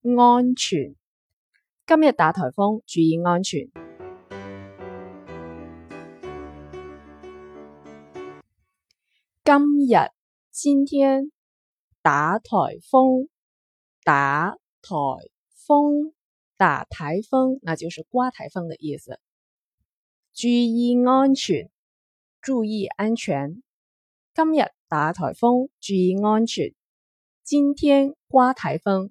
安全，今日打颱風，注意安全。今日今天打颱風，打颱風，打颱風，那就是颳颱風的意思。注意安全，注意安全。今日打颱風，注意安全。今天打颱風，注意安全。今天颳颱風。